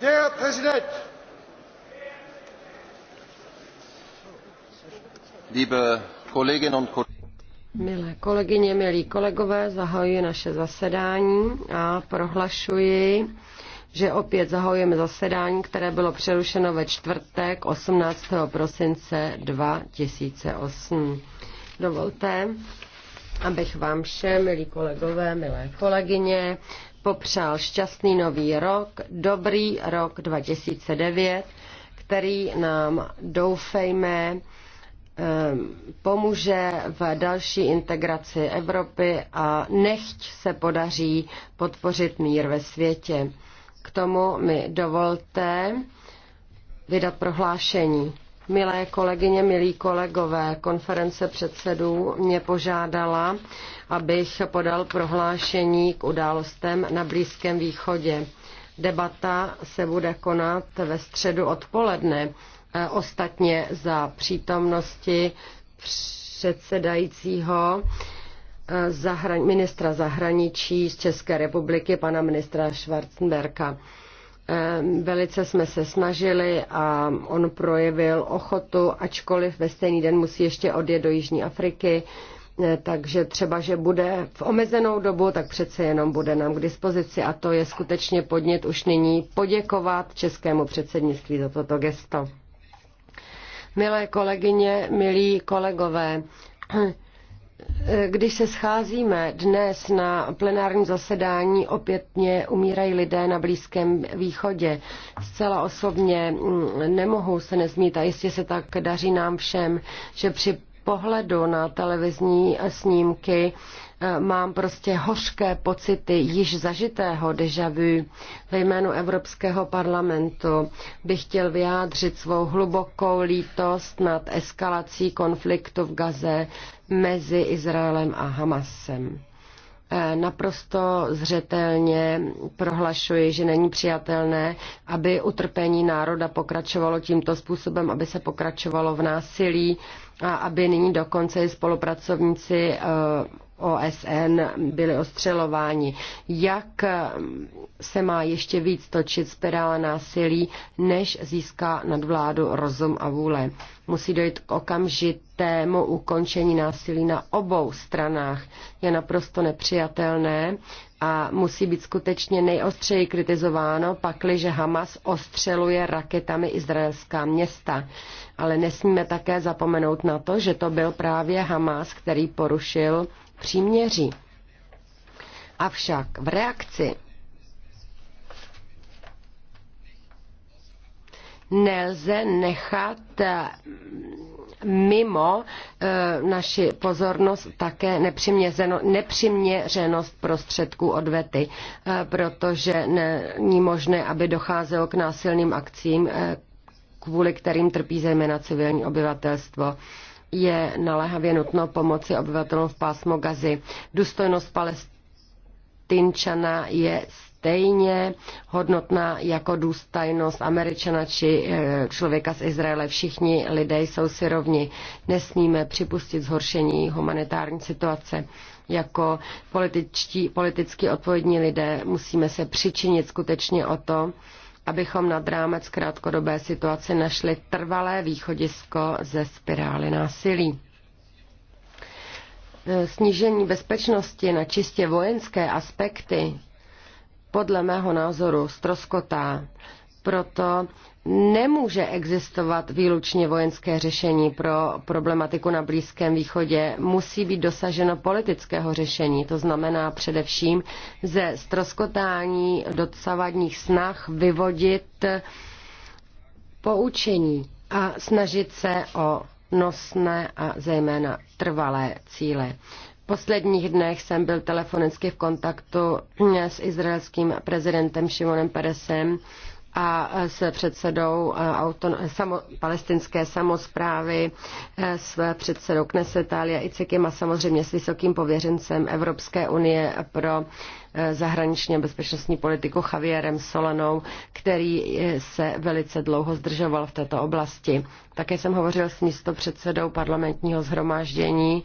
Der Präsident! Liebe Kolleginnen und Kollegen. Milé kolegyně, milí kolegové, zahajuji naše zasedání a prohlašuji, že opět zahajujeme zasedání, které bylo přerušeno ve čtvrtek 18. prosince 2008. Dovolte, abych vám všem, milí kolegové, milé kolegyně, popřál šťastný nový rok, dobrý rok 2009, který nám doufejme pomůže v další integraci Evropy a nechť se podaří podpořit mír ve světě. K tomu mi dovolte vydat prohlášení. Milé kolegyně, milí kolegové, konference předsedů mě požádala, abych podal prohlášení k událostem na Blízkém východě. Debata se bude konat ve středu odpoledne, e, ostatně za přítomnosti předsedajícího e, ministra zahraničí z České republiky, pana ministra Schwarzenberka. Velice jsme se snažili a on projevil ochotu, ačkoliv ve stejný den musí ještě odjet do Jižní Afriky, e, takže třeba, že bude v omezenou dobu, tak přece jenom bude nám k dispozici a to je skutečně podnět už nyní poděkovat českému předsednictví za toto gesto. Milé kolegyně, milí kolegové, Eh, když se scházíme dnes na plenárním zasedání, opětně umírají lidé na Blízkém východě. Zcela osobně mm, nemohu se nezmít a jistě se tak daří nám všem, že při pohledu na televizní snímky mám prostě hořké pocity již zažitého deja vu. Ve jménu Evropského parlamentu bych chtěl vyjádřit svou hlubokou lítost nad eskalací konfliktu v Gaze mezi Izraelem a Hamasem. E, naprosto zřetelně prohlašuji, že není přijatelné, aby utrpení národa pokračovalo tímto způsobem, aby se pokračovalo v násilí a aby nyní dokonce i spolupracovníci e, OSN byli ostřelováni. Jak se má ještě víc točit spirála násilí, než získá nadvládu rozum a vůle? Musí dojít k okamžitému ukončení násilí na obou stranách. Je naprosto nepřijatelné a musí být skutečně nejostřeji kritizováno, pakliže Hamas ostřeluje raketami izraelská města. Ale nesmíme také zapomenout na to, že to byl právě Hamas, který porušil příměří. Avšak v reakci nelze nechat eh, mimo eh, naši pozornost také nepřiměřenost prostředků odvety, eh, protože není možné, aby docházelo k násilným akcím, kvůli kterým trpí zejména civilní obyvatelstvo je naléhavě nutno pomoci obyvatelům v pásmu Gazy. Důstojnost Palestinčana je stejně hodnotná jako důstojnost Američana či eh, člověka z Izraele. Všichni lidé jsou si rovni. Nesmíme připustit zhoršení humanitární situace. Jako političtí, politicky odpovědní lidé musíme se přičinit skutečně o to, abychom nad rámec krátkodobé situace našli trvalé východisko ze spirály násilí. Snížení bezpečnosti na čistě vojenské aspekty podle mého názoru stroskotá proto nemůže existovat výlučně vojenské řešení pro problematiku na Blízkém východě. Musí být dosaženo politického řešení, to znamená především ze stroskotání docavadních snah vyvodit poučení a snažit se o nosné a zejména trvalé cíle posledních dnech jsem byl telefonicky v kontaktu s izraelským prezidentem Šimonem Peresem a s předsedou eh, auton, samo, palestinské samozprávy, eh, s předsedou Knesetalia Icekem a samozřejmě s vysokým pověřencem Evropské unie pro eh, zahraničně bezpečnostní politiku Javierem Solanou, který se velice dlouho zdržoval v této oblasti. Také jsem hovořil s místopředsedou parlamentního zhromáždění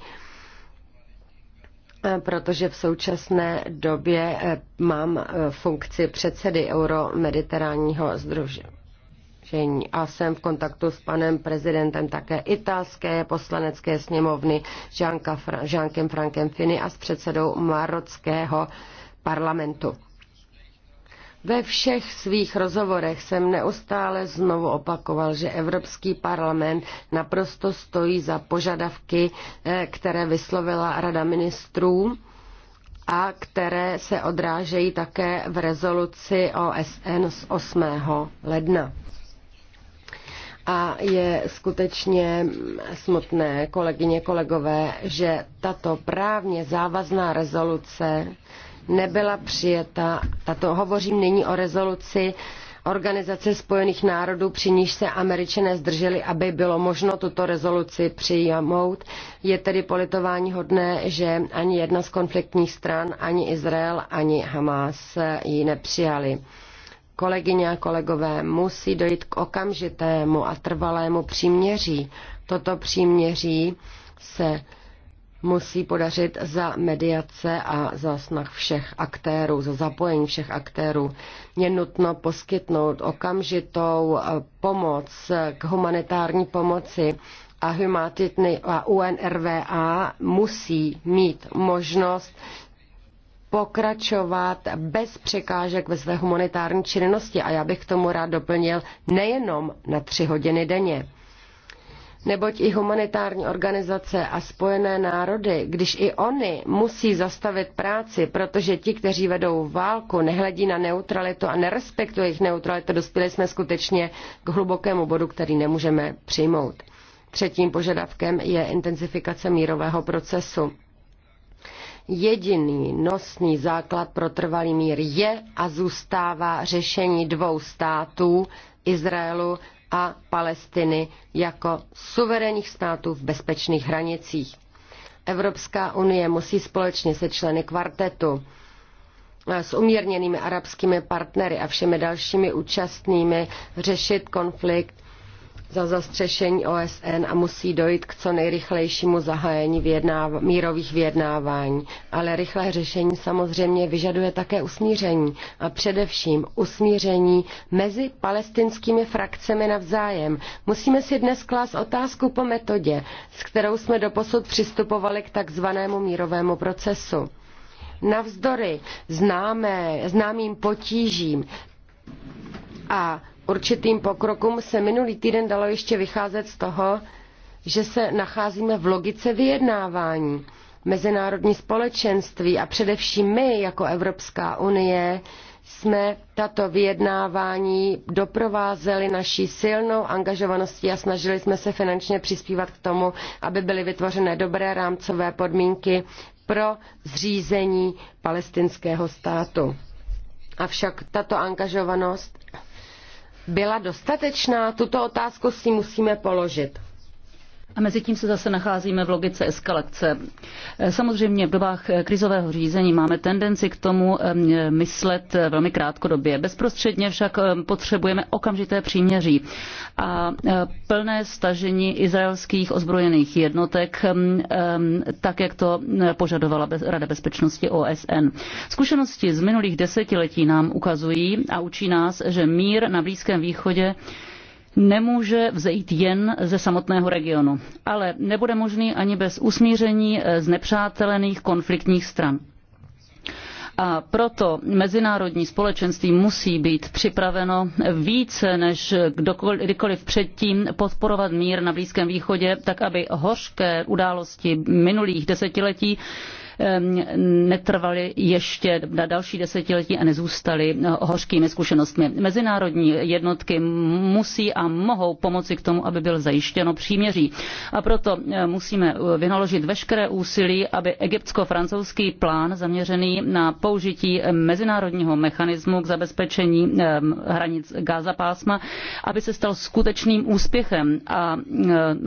Eh, protože v současné době eh, mám eh, funkci předsedy Euromediteránního združení a jsem v kontaktu s panem prezidentem také italské poslanecké sněmovny Jean-Kem Frankem Fini a s předsedou marockého parlamentu. Ve všech svých rozhovorech jsem neustále znovu opakoval, že Evropský parlament naprosto stojí za požadavky, eh, které vyslovila Rada ministrů a které se odrážejí také v rezoluci OSN z 8. ledna. A je skutečně smutné, kolegyně, kolegové, že tato právně závazná rezoluce nebyla přijeta. Tato hovořím nyní o rezoluci Organizace spojených národů, při níž se američané zdrželi, aby bylo možno tuto rezoluci přijmout. Je tedy politování hodné, že ani jedna z konfliktních stran, ani Izrael, ani Hamas ji nepřijali. Kolegyně a kolegové, musí dojít k okamžitému a trvalému příměří. Toto příměří se musí podařit za mediace a za snah všech aktérů, za zapojení všech aktérů. Je nutno poskytnout okamžitou eh, pomoc eh, k humanitární pomoci a UNRWA musí mít možnost pokračovat bez překážek ve své humanitární činnosti. A já bych k tomu rád doplnil nejenom na tři hodiny denně neboť i humanitární organizace a spojené národy, když i oni musí zastavit práci, protože ti, kteří vedou válku, nehledí na neutralitu a nerespektují jejich neutralitu, dospěli jsme skutečně k hlubokému bodu, který nemůžeme přijmout. Třetím požadavkem je intenzifikace mírového procesu. Jediný nosný základ pro trvalý mír je a zůstává řešení dvou států, Izraelu a Palestiny jako suverénních států v bezpečných hranicích. Evropská unie musí společně se členy kvartetu eh, s umírněnými arabskými partnery a všemi dalšími účastnými řešit konflikt za zastřešení OSN a musí dojít k co nejrychlejšímu zahájení vyjednáv- mírových vyjednávání. Ale rychlé řešení samozřejmě vyžaduje také usmíření a především usmíření mezi palestinskými frakcemi navzájem. Musíme si dnes klást otázku po metodě, s kterou jsme doposud přistupovali k takzvanému mírovému procesu. Navzdory známé, známým potížím a určitým pokrokům, se minulý týden dalo ještě vycházet z toho, že se nacházíme v logice vyjednávání. Mezinárodní společenství a především my jako Evropská unie jsme tato vyjednávání doprovázeli naší silnou angažovaností a snažili jsme se finančně přispívat k tomu, aby byly vytvořené dobré rámcové podmínky pro zřízení palestinského státu. Avšak tato angažovanost byla dostatečná? Tuto otázku si musíme položit. A mezi tím se zase nacházíme v logice eskalace. Eh, samozřejmě v dobách eh, krizového řízení máme tendenci k tomu ehm, eh, myslet velmi krátkodobě. Bezprostředně však ehm, potřebujeme okamžité příměří a plné stažení izraelských ozbrojených jednotek, ehm, tak jak to požadovala Rada bezpečnosti OSN. Zkušenosti z minulých desetiletí nám ukazují a učí nás, že mír na Blízkém východě nemůže vzejít jen ze samotného regionu, ale nebude možný ani bez usmíření eh, z nepřátelených konfliktních stran. A proto mezinárodní společenství musí být připraveno více než kdykoliv předtím podporovat mír na Blízkém východě, tak aby hořké události minulých desetiletí Ehm, netrvaly ještě na další desetiletí a nezůstaly eh, hořkými zkušenostmi. Mezinárodní jednotky musí a mohou pomoci k tomu, aby byl zajištěno příměří. A proto eh, musíme eh, vynaložit veškeré úsilí, aby egyptsko-francouzský plán zaměřený na použití mezinárodního mechanismu k zabezpečení ehm, hranic Gaza pásma, aby se stal skutečným úspěchem a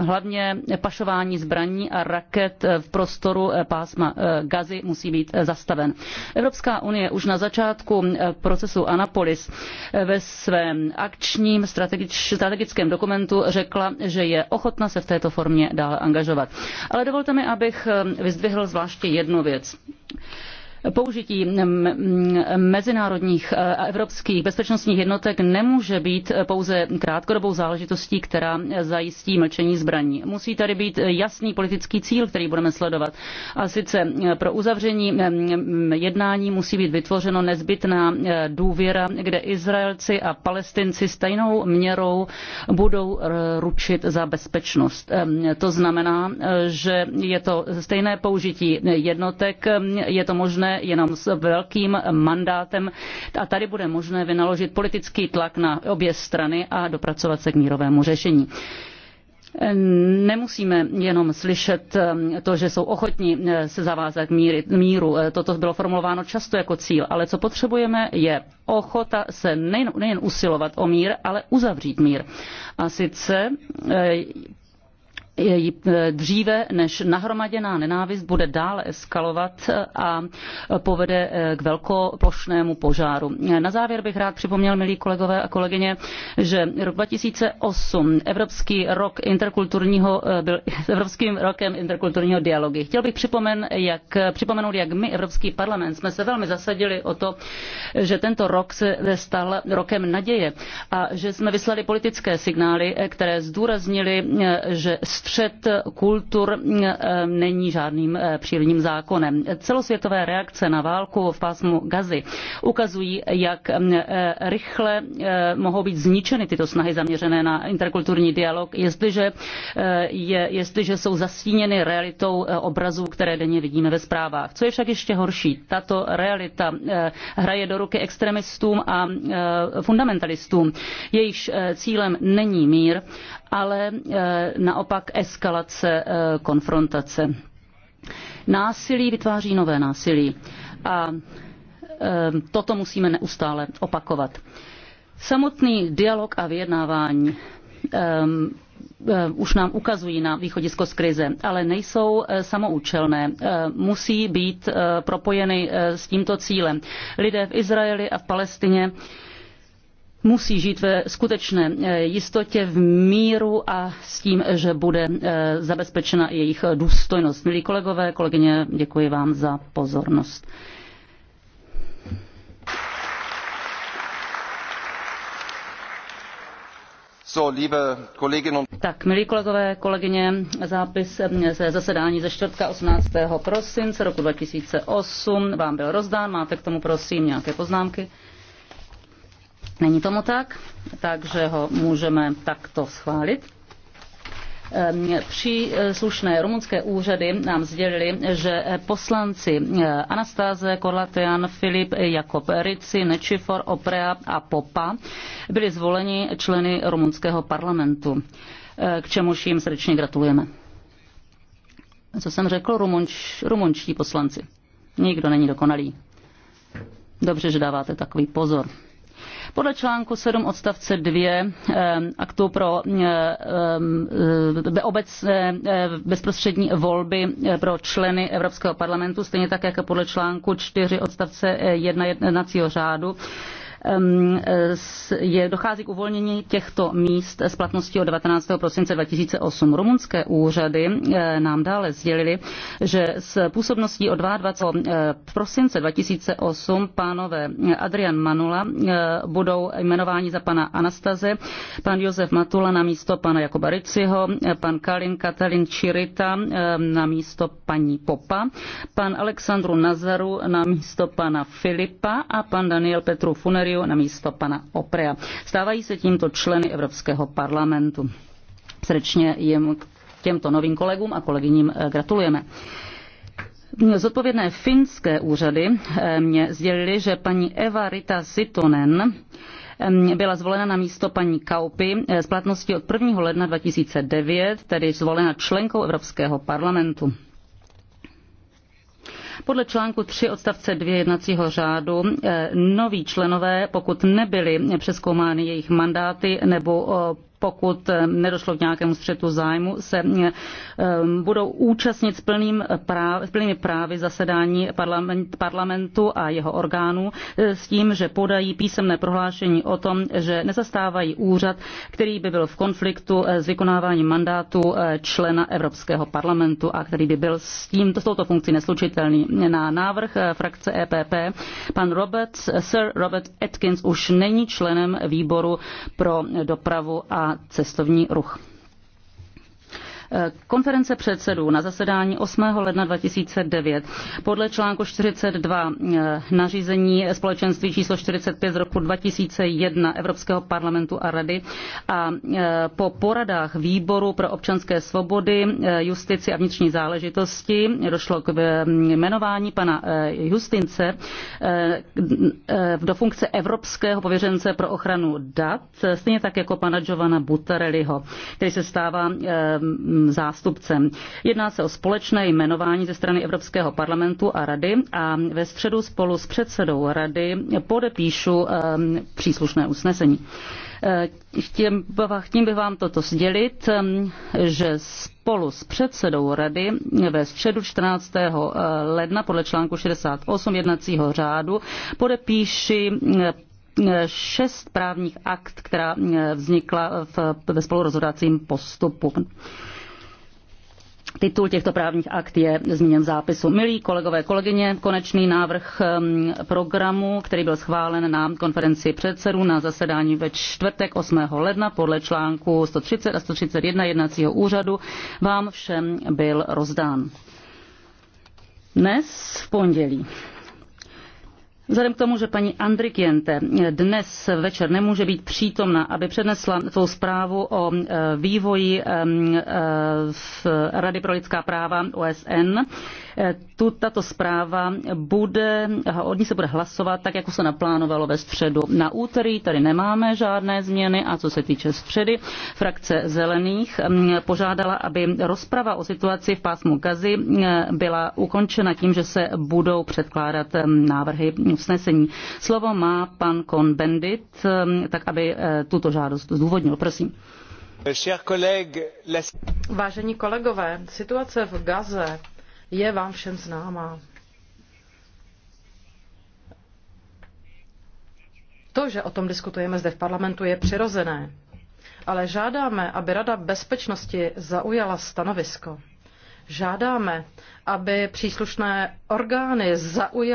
hlavně pašování zbraní a raket v prostoru pásma Gazy musí být zastaven. Evropská unie už na začátku eh, procesu Anapolis eh, ve svém akčním strategickém dokumentu řekla, že je ochotna se v této formě dále angažovat. Ale dovolte mi, abych eh, vyzdvihl zvláště jednu věc použití mezinárodních e, a evropských bezpečnostních jednotek nemůže být pouze krátkodobou záležitostí, která zajistí mlčení zbraní. Musí tady být jasný politický cíl, který budeme sledovat. A sice e, pro uzavření jednání musí být vytvořeno nezbytná e, důvěra, kde Izraelci a Palestinci stejnou měrou budou ručit za bezpečnost. To znamená, že je to stejné použití jednotek, je to možné jenom s velkým mandátem a tady bude možné vynaložit politický tlak na obě strany a dopracovat se k mírovému řešení nemusíme jenom slyšet um, to, že jsou ochotní uh, se zavázat míry, míru. Uh, toto bylo formulováno často jako cíl, ale co potřebujeme je ochota se nejen, nejen usilovat o mír, ale uzavřít mír. A sice uh, Eh, dříve než nahromaděná nenávist bude dále eskalovat a povede eh, k velkoplošnému požáru. Na závěr bych rád připomněl, milí kolegové a kolegyně, že rok 2008, Evropský rok interkulturního, eh, byl Evropským rokem interkulturního dialogu. Chtěl bych připomen, jak, připomenout, jak my, Evropský parlament, jsme se velmi zasadili o to, že tento rok se stal rokem naděje a že jsme vyslali politické signály, které zdůraznili, že střed kultur eh, není žádným eh, přírodním zákonem. Celosvětové reakce na válku v pásmu Gazy ukazují, jak eh, rychle mohou být zničeny tyto snahy zaměřené na interkulturní dialog, jestliže, je, jestliže jsou zastíněny realitou obrazů, které denně vidíme ve zprávách. Co je však ještě horší, tato realita hraje do ruky extremistům a fundamentalistům. Jejichž cílem není mír, ale naopak eskalace eh, konfrontace. Násilí vytváří nové násilí a eh, toto musíme neustále opakovat. Samotný dialog a vyjednávání eh, už nám ukazují na východisko z krize, ale nejsou samoučelné. Musí být propojeny s tímto cílem. Lidé v Izraeli a v Palestině musí žít ve skutečné eh, jistotě, v míru a s tím, že bude eh, zabezpečena jejich důstojnost. Milí kolegové, kolegyně, děkuji vám za pozornost. Tak, milí kolegové, kolegyně, zápis eh, ze zasedání ze čtvrtka 18. prosince roku 2008 vám byl rozdán. Máte k tomu, prosím, nějaké poznámky? Není tomu tak, takže ho můžeme takto schválit. Příslušné rumunské úřady nám sdělili, že poslanci eh, Anastáze, Korlatean, Filip, Jakob Rici, Nečifor, Oprea a Popa byli zvoleni členy rumunského parlamentu, eh, k čemuž jim srdečně gratulujeme. Co jsem řekl, rumunč, rumunčtí poslanci. Nikdo není dokonalý. Dobře, že dáváte takový pozor. Podle článku 7 odstavce 2 eh, aktu pro eh, eh, obec bezprostřední volby pro členy Evropského parlamentu, stejně tak jako podle článku 4 odstavce 1 jednacího řádu, je, dochází k uvolnění těchto míst s platností od 19. prosince 2008. Rumunské úřady eh, nám dále sdělili, že s působností od 22. Eh, prosince 2008 pánové Adrian Manula eh, budou jmenováni za pana Anastaze, pan Josef Matula na místo pana Jakoba Riciho, pan Kalin Katalin Čirita na místo paní Popa, pan Alexandru Nazaru na místo pana Filipa a pan Daniel Petru Funeri Coelho na místo pana Oprea. Stávají se tímto členy Evropského parlamentu. Srdečně jim těmto novým kolegům a kolegyním eh, gratulujeme. Zodpovědné finské úřady eh, mě sdělili, že paní Eva Rita Sitonen eh, byla zvolena na místo paní Kaupy s platností od 1. ledna 2009, tedy zvolena členkou Evropského parlamentu. Podle článku 3 odstavce 2 jednacího řádu eh, noví členové, pokud nebyly přeskoumány jejich mandáty nebo eh, pokud eh, nedošlo k nějakému střetu zájmu, se eh, eh, budou účastnit s plným práv, plnými právy zasedání parlament, parlamentu a jeho orgánů s tím, že podají písemné prohlášení o tom, že nezastávají úřad, který by byl v konfliktu s vykonáváním mandátu člena Evropského parlamentu a který by byl s, tím, s touto funkcí neslučitelný. Na návrh frakce EPP pan Robert, Sir Robert Atkins už není členem výboru pro dopravu a cestovní ruch. Konference předsedů na zasedání 8. ledna 2009 podle článku 42 eh, nařízení společenství číslo 45 z roku 2001 Evropského parlamentu a rady a eh, po poradách výboru pro občanské svobody, eh, justici a vnitřní záležitosti došlo k jmenování pana Justince do funkce Evropského pověřence pro ochranu dat, stejně tak jako pana Giovanna Buttarelliho, který se stává zástupcem. Jedná se o společné jmenování ze strany Evropského parlamentu a rady a ve středu spolu s předsedou rady podepíšu ehm, příslušné usnesení. Eh, Tím bych vám toto sdělit, ehm, že spolu s předsedou rady ve středu 14. Eh, ledna podle článku 68 jednacího řádu podepíši eh, šest právních akt, která vznikla v, ve spolurozhodacím postupu. Titul těchto právních akt je zmíněn v zápisu. Milí kolegové, kolegyně, konečný návrh um, programu, který byl schválen na konferenci předsedů na zasedání ve čtvrtek 8. ledna podle článku 130 a 131 jednacího úřadu, vám všem byl rozdán. Dnes v pondělí. Vzhledem k tomu, že paní Andrikiente dnes večer nemůže být přítomna, aby přednesla svou zprávu o eh, vývoji eh, eh, v Rady pro lidská práva OSN, tu, tato zpráva bude, od ní se bude hlasovat tak, jako se naplánovalo ve středu. Na úterý tady nemáme žádné změny a co se týče středy, frakce zelených mm, požádala, aby rozprava o situaci v pásmu Gazy mm, byla ukončena tím, že se budou předkládat mm, návrhy usnesení. Slovo má pan Kon Bendit, tak aby eh, tuto žádost zdůvodnil. Prosím. Vážení kolegové, situace v Gaze je vám všem známá. To, že o tom diskutujeme zde v parlamentu, je přirozené, ale žádáme, aby Rada bezpečnosti zaujala stanovisko. Žádáme, aby příslušné orgány zaujaly